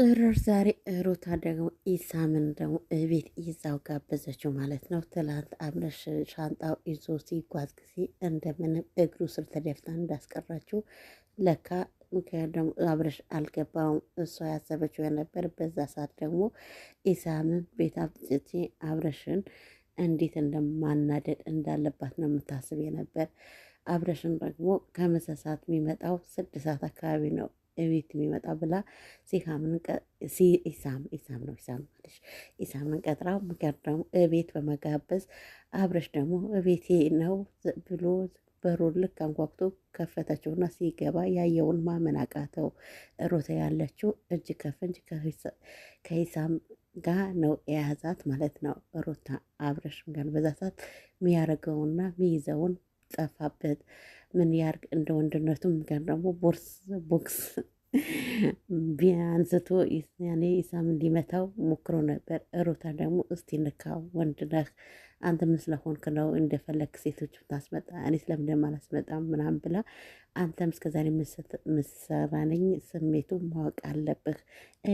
ጽርር ዛሬ ሩታ ደግሞ ኢሳምን ደግሞ እቤት ይዛው ጋበዘችው ማለት ነው። ትላንት አብረሽ ሻንጣው ይዞ ሲጓዝ ጊዜ እንደምንም እግሩ ስር ተደፍታ እንዳስቀራችው ለካ ምክንያት ደግሞ አብረሽ አልገባውም። እሷ ያሰበችው የነበር በዛ ሰዓት ደግሞ ኢሳምን ቤት አብጥቼ አብረሽን እንዴት እንደማናደድ እንዳለባት ነው የምታስብ የነበር። አብረሽን ደግሞ ከመሳሳት የሚመጣው ስድስት ሰዓት አካባቢ ነው እቤት የሚመጣ ብላ ኢሳም ነው ኢሳም ማለሽ ኢሳምን ቀጥራ ምክር ደግሞ እቤት በመጋበዝ አብረሽ ደግሞ እቤቴ ነው ብሎ በሩን ልክ አንኳኩቶ ከፈተችውና ሲገባ ያየውን ማመን አቃተው። ሮተ ያለችው እጅ ከፍንጅ ከሂሳም ጋር ነው የያዛት ማለት ነው። ሮታ አብረሽ ጋር በዛ ሰዓት የሚያደርገውና የሚይዘውን ጠፋበት። ምን ያርግ? እንደ ወንድነቱ ምክር ደግሞ ቦርስ ቦክስ ቢያንስቶ ያኔ ኢሳም እንዲመታው ሞክሮ ነበር። ሩታ ደግሞ እስቲ ንካ ወንድ ነህ አንተ ምን ስለሆንክ ነው እንደፈለግ ሴቶች ታስመጣ እኔ ስለምን አላስመጣም ምናምን ብላ አንተም እስከዛሬ ምሰራ ስሜቱ ማወቅ አለብህ።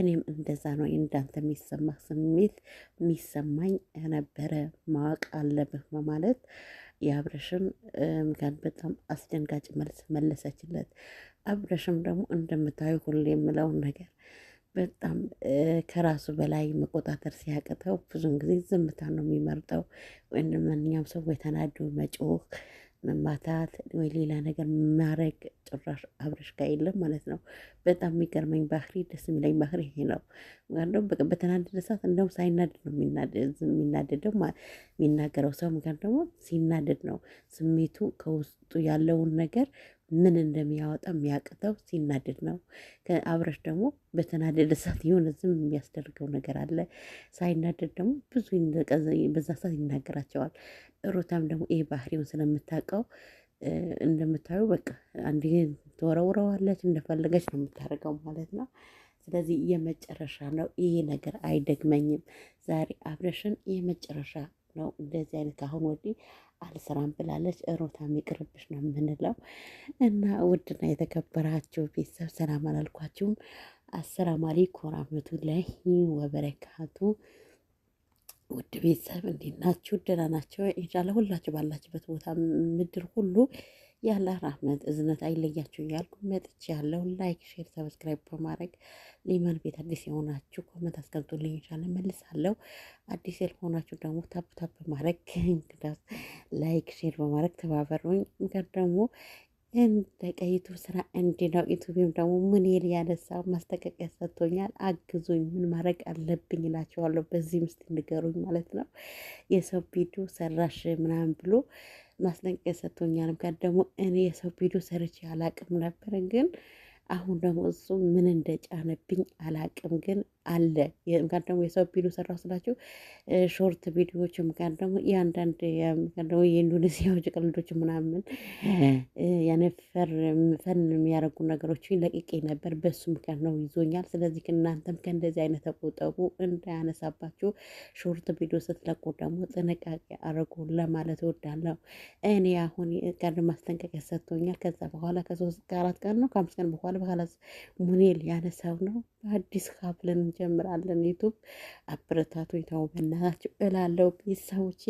እኔም እንደዛ ነው እንዳንተ የሚሰማህ ስሜት የሚሰማኝ ነበረ ማወቅ አለብህ በማለት አብረሽም ጋር በጣም አስደንጋጭ መልስ መለሰችለት። አብረሽም ደግሞ እንደምታዩ ሁሉ የምለውን ነገር በጣም ከራሱ በላይ መቆጣጠር ሲያቅተው ብዙን ጊዜ ዝምታ ነው የሚመርጠው። ወይም ማንኛውም ሰው የተናዱ መጮህ መማታት ወይ ሌላ ነገር ማድረግ ጭራሽ አብረሽ ጋር የለም ማለት ነው። በጣም የሚገርመኝ ባህሪ ደስ የሚለኝ ባህሪ ይሄ ነው። ምክንያቱም በተናደደ ሰዓት እንደውም ሳይናደድ ነው የሚናደደው የሚናገረው ሰው ምክንያት ደግሞ ሲናደድ ነው ስሜቱ ከውስጡ ያለውን ነገር ምን እንደሚያወጣ የሚያቅተው ሲናደድ ነው። አብረሽ ደግሞ በተናደደ ሰዓት የሆነ ዝም የሚያስደርገው ነገር አለ። ሳይናደድ ደግሞ ብዙ በዛ ሰዓት ይናገራቸዋል። ሩታም ደግሞ ይሄ ባህሪውን ስለምታውቀው እንደምታዩ በቃ አንድ ትወረውረዋለች፣ እንደፈለገች ነው የምታደርገው ማለት ነው። ስለዚህ የመጨረሻ ነው ይሄ ነገር አይደግመኝም። ዛሬ አብረሽን የመጨረሻ ነው። እንደዚህ አይነት አሁን ወዲህ አልስራም ብላለች። ሮታ ይቅርብሽ ነው የምንለው። እና ውድና የተከበራችሁ ቤተሰብ ሰላም አላልኳችሁም? አሰላም አለይኩም ወራህመቱላሂ ወበረካቱ። ውድ ቤተሰብ እንዴት ናችሁ? ደህና ናቸው። ኢንሻላህ ሁላችሁ ባላችሁበት ቦታ ምድር ሁሉ የአላህ ራህመት እዝነት አይለያችሁ እያልኩ መጥቻለሁ። ላይክ፣ ሼር፣ ሰብስክራይብ በማድረግ ሊመን ቤት አዲስ የሆናችሁ ኮመንት አስቀምጡልኝ ይሻለ መልሳለሁ። አዲስ ያልሆናችሁ ደግሞ ታፕ ታፕ በማድረግ እንግዳስ ላይክ፣ ሼር በማድረግ ተባበሩኝ። እንገር ደግሞ እንደቀ ዩቱብ ስራ እንዲ ነው። ዩቱብም ደግሞ ምን ይል ያነሳ ማስጠንቀቂያ ሰጥቶኛል። አግዙኝ፣ ምን ማድረግ አለብኝ እላችኋለሁ። በዚህ ምስት ንገሩኝ ማለት ነው የሰው ቪዲዮ ሰራሽ ምናምን ብሎ ማስጠንቀቂያ ሰጥቶኛል። ምክንያት ደግሞ እኔ የሰው ቪዲዮ ሰርቼ አላቅም ነበር፣ ግን አሁን ደግሞ እሱ ምን እንደጫነብኝ አላቅም ግን አለ። ምክንያት ደግሞ የሰው ቪዲዮ ሰራሁ ስላችሁ ሾርት ቪዲዮዎች፣ ምክንያቱ ደግሞ የአንዳንድ ምክንያት ደግሞ የኢንዶኔዚያዎች ቀልዶች ምናምን ያነፈር ፈን የሚያደርጉ ነገሮች ለቅቄ ነበር። በሱ ምክንያት ነው ይዞኛል። ስለዚህ እናንተም ከእንደዚህ አይነት ተቆጠቡ፣ እንዳያነሳባችሁ። ሾርት ቪዲዮ ስትለቁ ደግሞ ጥንቃቄ አድርጉ ለማለት እወዳለሁ። እኔ አሁን ቀን ማስጠንቀቂያ ሰጥቶኛል። ከዛ በኋላ ከሶስት ከአራት ቀን ነው ከአምስት ቀን በኋላ በኋላ ሙኔል ያነሳው ነው በአዲስ ካብልን እንጀምራለን። ዩቱብ አበረታቱ ይታው በእናታችሁ እላለው ቤተሰቦቼ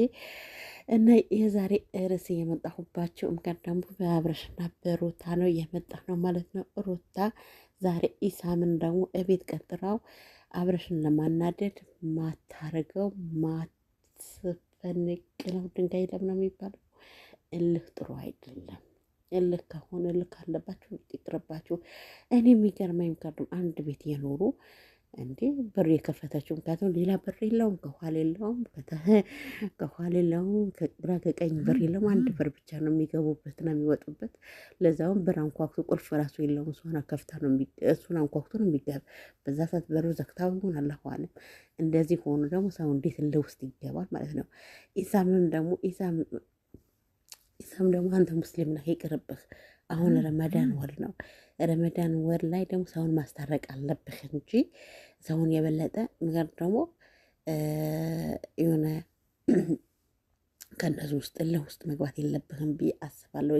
እና የዛሬ ርዕስ የመጣሁባቸው እምቀር ደግሞ በአብረሽና በሩታ ነው የመጣ ነው ማለት ነው። ሩታ ዛሬ ኢሳምን ደግሞ እቤት ቀጥራው አብረሽን ለማናደድ ማታረገው ማትፈንቅ ነው ድንጋይ ለምነው የሚባለው እልህ ጥሩ አይደለም። ልክ ከሆነ ልክ አለባቸው ይቅርባቸው። እኔ የሚገርመኝ ካርዱም አንድ ቤት የኖሩ እንዴ ብር የከፈተችው ምክንያቱም ሌላ ብር የለውም፣ ከኋል የለውም፣ ከኋል የለውም፣ ከግራ ከቀኝ ብር የለውም። አንድ ብር ብቻ ነው የሚገቡበት ነው የሚወጡበት። ለዛውም ብር አንኳኩቶ ቁልፍ ራሱ የለውም። እሱን ከፍታ ነው እሱን አንኳኩቶ ነው የሚገባ። በዛ ሰዓት በሩ ዘግታው ይሆን አላኋንም። እንደዚህ ሆኑ ደግሞ ሰው እንዴት እንደ ውስጥ ይገባል ማለት ነው። ኢሳምም ደግሞ ኢሳም ኢሳም ደግሞ አንተ ሙስሊም ነህ ይቅርብህ። አሁን ረመዳን ወር ነው። ረመዳን ወር ላይ ደግሞ ሰውን ማስታረቅ አለብህ እንጂ ሰውን የበለጠ ምክር ደግሞ የሆነ ከእነዚህ ውስጥ እልህ ውስጥ መግባት የለብህም ብዬ አስባለሁ።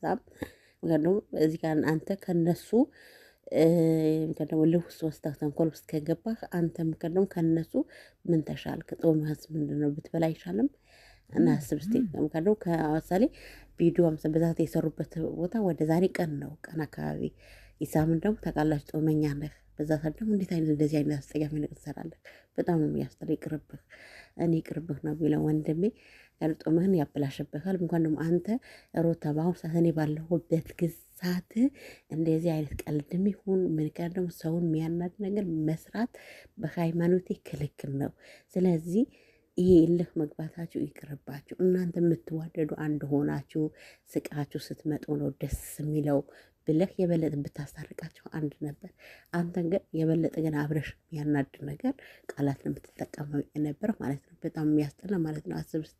ሳም ምክንያት ደግሞ እዚህ ጋር አንተ ከነሱ ምክንያት ደግሞ እልህ ውስጥ ወስደህ ተንኮል ውስጥ ከገባህ አንተ ምክንያት ደግሞ ከነሱ ምን ተሻልክ? ጾምህስ ምንድን ነው? ብትበላ አይሻልም? እና አስብ ስቴ ምካለው ከምሳሌ ቪዲዮ በዛት የሰሩበት ቦታ ወደ ዛሬ ቀን ነው ቀን አካባቢ ይሳምን ደግሞ ታውቃላችሁ፣ ጦመኛ ነህ። በዛ ሰዓት ደግሞ እንዴት አይነት እንደዚህ አይነት አስጠያፊ ነገር ትሰራለህ? በጣም ነው የሚያስጠላ። ይቅርብህ፣ እኔ ይቅርብህ ነው የሚለው ወንድሜ። ያለ ጾምህን ያበላሽብሃል። እንኳን ደግሞ አንተ ሮታ፣ በአሁኑ ሰዓት እኔ ባለሁበት ግዛት እንደዚህ አይነት ቀልድም ይሁን ምን ቀን ደግሞ ሰውን የሚያናድ ነገር መስራት በሃይማኖቴ ክልክል ነው። ስለዚህ ይሄ እልህ መግባታችሁ ይቅርባችሁ። እናንተ የምትዋደዱ አንድ ሆናችሁ ስቃችሁ ስትመጡ ነው ደስ የሚለው ብለህ የበለጠ ብታስታርቃቸው አንድ ነበር። አንተ ግን የበለጠ ግን አብረሽ የሚያናድ ነገር ቃላት ነው የምትጠቀመው የነበረ ማለት ነው። በጣም የሚያስጠላ ማለት ነው። አስብ ስ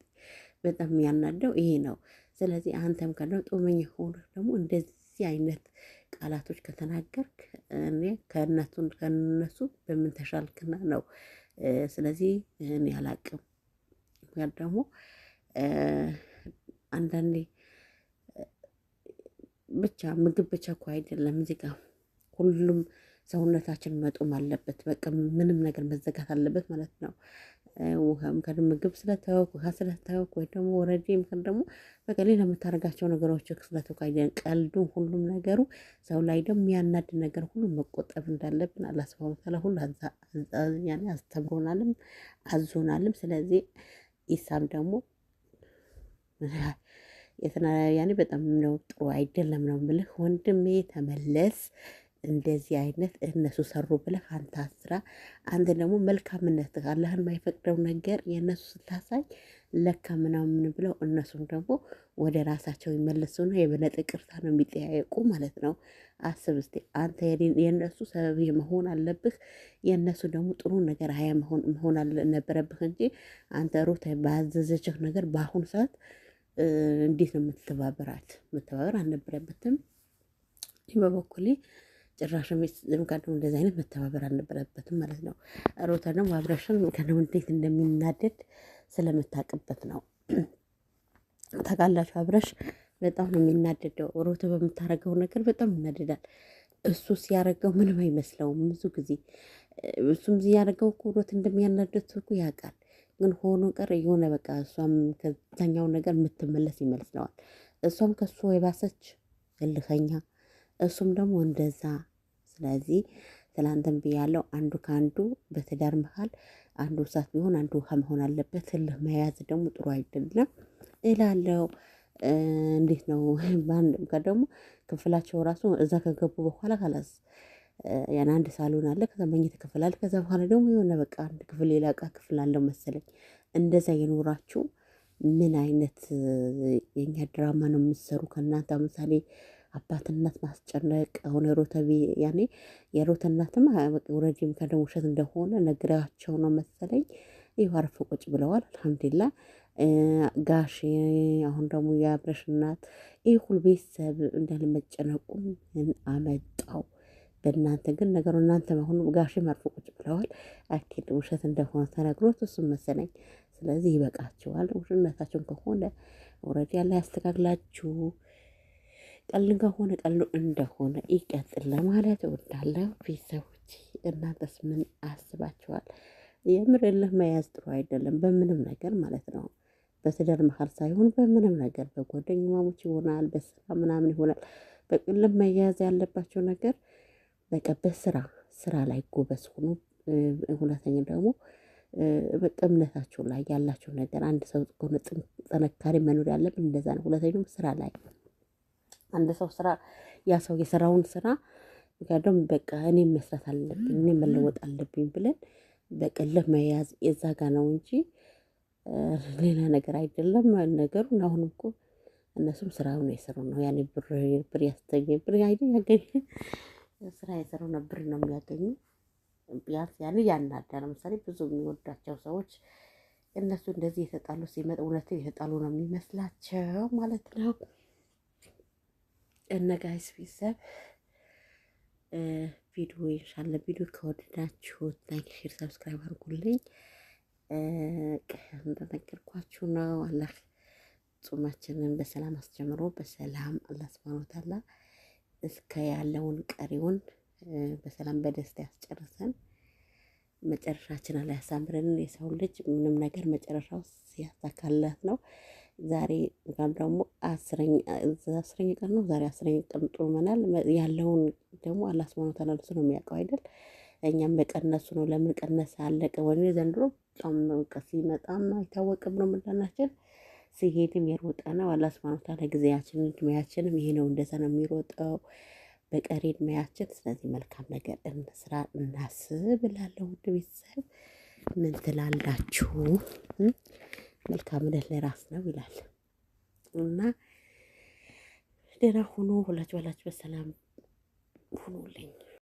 በጣም የሚያናደው ይሄ ነው። ስለዚህ አንተም ከደም ጦመኛ ሆነህ ደግሞ እንደዚህ አይነት ቃላቶች ከተናገርክ እኔ ከእነሱን ከእነሱ በምን ተሻልክና ነው? ስለዚህ እኔ አላቅም። ምክንያት ደግሞ አንዳንዴ ብቻ ምግብ ብቻ እኮ አይደለም እዚህ ጋ ሁሉም ሰውነታችን መጡም አለበት። በቃ ምንም ነገር መዘጋት አለበት ማለት ነው። ውሃም ምክንያቱም ምግብ ስለተወቅ ውሃ ስለተወቅ ወይ ደግሞ ወረዴ ምክር ደግሞ በቃ ሌላ የምታደርጋቸው ነገሮች ስለተወክ አይደለም ቀልዱን፣ ሁሉም ነገሩ ሰው ላይ ደግሞ ያናድ ነገር ሁሉ መቆጠብ እንዳለብን አላስፋ ሁሉ አስተምሮናልም አዞናልም። ስለዚህ ኢሳም ደግሞ ያኔ በጣም ነው ጥሩ አይደለም ነው የምልህ ወንድሜ፣ ተመለስ። እንደዚህ አይነት እነሱ ሰሩ ብለህ አንተ አስራ አንተ ደግሞ መልካምነት አላህን የማይፈቅደው ነገር የእነሱ ስታሳይ ለካ ምናምን ብለው እነሱም ደግሞ ወደ ራሳቸው ይመለሱና የበለጠ ቅርታ ነው የሚጠያየቁ ማለት ነው። አስብ እስቲ አንተ የእነሱ ሰበብ መሆን አለብህ። የእነሱ ደግሞ ጥሩ ነገር ሀያ መሆን ነበረብህ እንጂ አንተ ሩት ባዘዘችህ ነገር በአሁኑ ሰዓት እንዴት ነው የምትተባበራት? መተባበር አልነበረበትም። በበኩሌ ጭራሽ ቤተሰብ ጋር ደግሞ እንደዚህ አይነት መተባበር አልነበረበትም ማለት ነው። ሮታ ደግሞ አብረሽን ከነው እንዴት እንደሚናደድ ስለምታውቅበት ነው። ታውቃላችሁ አብረሽ በጣም ነው የሚናደደው። ሮተ በምታረገው ነገር በጣም ይናደዳል። እሱ ሲያረገው ምንም አይመስለውም። ብዙ ጊዜ እሱም ሲያረገው ኩሮት ሮት እንደሚያናደድ እኮ ያውቃል። ግን ሆኖ ቀር የሆነ በቃ እሷም ከዛኛው ነገር የምትመለስ ይመስለዋል። እሷም ከሱ የባሰች እልኸኛ፣ እሱም ደግሞ እንደዛ። ስለዚህ ትላንትም ብያለው። አንዱ ከአንዱ በትዳር መሃል አንዱ እሳት ቢሆን አንዱ ውሃ መሆን አለበት። እልህ መያዝ ደግሞ ጥሩ አይደለም እላለው። እንዴት ነው ደግሞ ክፍላቸው ራሱ እዛ ከገቡ በኋላ ካላስ ያን አንድ ሳሎን አለ፣ ከዛ መኝታ ክፍል አለ። ከዛ በኋላ ደግሞ የሆነ በቃ አንድ ክፍል ሌላ ዕቃ ክፍል አለው መሰለኝ። እንደዛ የኖራችሁ ምን አይነት የእኛ ድራማ ነው የምትሰሩ? ከእናንተ ምሳሌ አባትነት ማስጨነቅ አሁን ሮተቢ ያኔ የሮተናትም ረጅም ከደም ውሸት እንደሆነ ነግሬያቸው ነው መሰለኝ። ይህ አረፍ ቁጭ ብለዋል። አልሐምዱላ ጋሽ አሁን ደግሞ የአብረሽ እናት ይህ ሁሉ ቤተሰብ እንዳለ ምን አመጣው። በእናንተ ግን ነገሩ እናንተ አሁን ጋሽም አርፎ ቁጭ ብለዋል። አኪድ ውሸት እንደሆነ ተነግሮት እሱም መሰለኝ። ስለዚህ ይበቃቸዋል። ውሽነታችሁን ከሆነ ወረድ ያለ ያስተካክላችሁ። ቀልጋ ሆነ ቀሎ እንደሆነ ይቀጥል ለማለት እወዳለሁ። ቤተሰቦች እናንተስ ምን አስባችኋል? የምር እልህ መያዝ ጥሩ አይደለም፣ በምንም ነገር ማለት ነው። በትዳር መሀል ሳይሆን በምንም ነገር በጓደኛማሞች ይሆናል፣ በስራ ምናምን ይሆናል። በቅልም መያዝ ያለባቸው ነገር በቃ በስራ ስራ ላይ ጎበዝ ሆኖ፣ ሁለተኛ ደግሞ በቃ እምነታቸው ላይ ያላቸው ነገር አንድ ሰው ከሆነ ጥንካሬ መኖር ያለብን እንደዛ ነው። ሁለተኛም ስራ ላይ አንድ ሰው ስራ ያ ሰው የሰራውን ስራ ጋደም በቃ እኔ መስራት አለብኝ እኔ መለወጥ አለብኝ ብለን በቀለብ መያዝ የዛ ጋ ነው እንጂ ሌላ ነገር አይደለም። ነገሩን አሁን እኮ እነሱም ስራውን የሰሩ ነው። ያኔ ብር ብር ያስተገ ብር ያገኘ ስራ የሰሩ ነው ብር ነው የሚያገኙ። ቢያንስ ያኔ ያናዳ ለምሳሌ ብዙ የሚወዳቸው ሰዎች እነሱ እንደዚህ የተጣሉ ሲመጣ እውነትን የተጣሉ ነው የሚመስላቸው ማለት ነው። እና ጋይስ ቤተሰብ ቪዲዮ ይሻለ ቪዲዮ ከወደዳችሁት ላይክ፣ ሼር፣ ሰብስክራይብ አድርጉልኝ። እንደነገርኳችሁ ነው። አላህ ጾማችንን በሰላም አስጀምሮ በሰላም አላህ ሱብሓነሁ ወተዓላ እስከ ያለውን ቀሪውን በሰላም በደስታ ያስጨርሰን። መጨረሻችን አላህ ያሳምረን። የሰው ልጅ ምንም ነገር መጨረሻው ሲያሳካላት ነው። ዛሬ ጋም ደግሞ አስረኛ ቀን ነው። ዛሬ አስረኛ ቀን ጦመናል። ያለውን ደግሞ አላህ ሱብሃነሁ ወተዓላ እሱ ነው የሚያውቀው አይደል? እኛም መቀነሱ ነው። ለምን ቀነሰ አለቀ ወይ? ዘንድሮ በጣም ሲመጣም አይታወቅም ነው ምላናችን ሲሄድም የሮጠ ነው። አላህ ሱብሃነሁ ወተዓላ ጊዜያችን እድሜያችንም ይሄ ነው፣ እንደዛ ነው የሚሮጠው በቀሪ እድሜያችን። ስለዚህ መልካም ነገር እንስራ እናስብ እላለሁ። ውድ ቤተሰብ ምን ትላላችሁ? መልካምነት ለራስ ነው ይላል እና ደህና ሁኑ። ሁላችሁ በላችሁ በሰላም ሁኑልኝ።